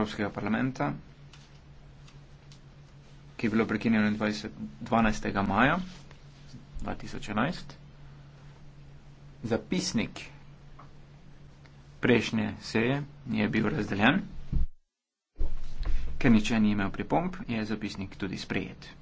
Evropskega parlamenta, ki je bilo prekinjeno 12. maja 2011. Zapisnik prejšnje seje je bil razdeljen. Ker niče ni imel pripomp, je zapisnik tudi sprejet.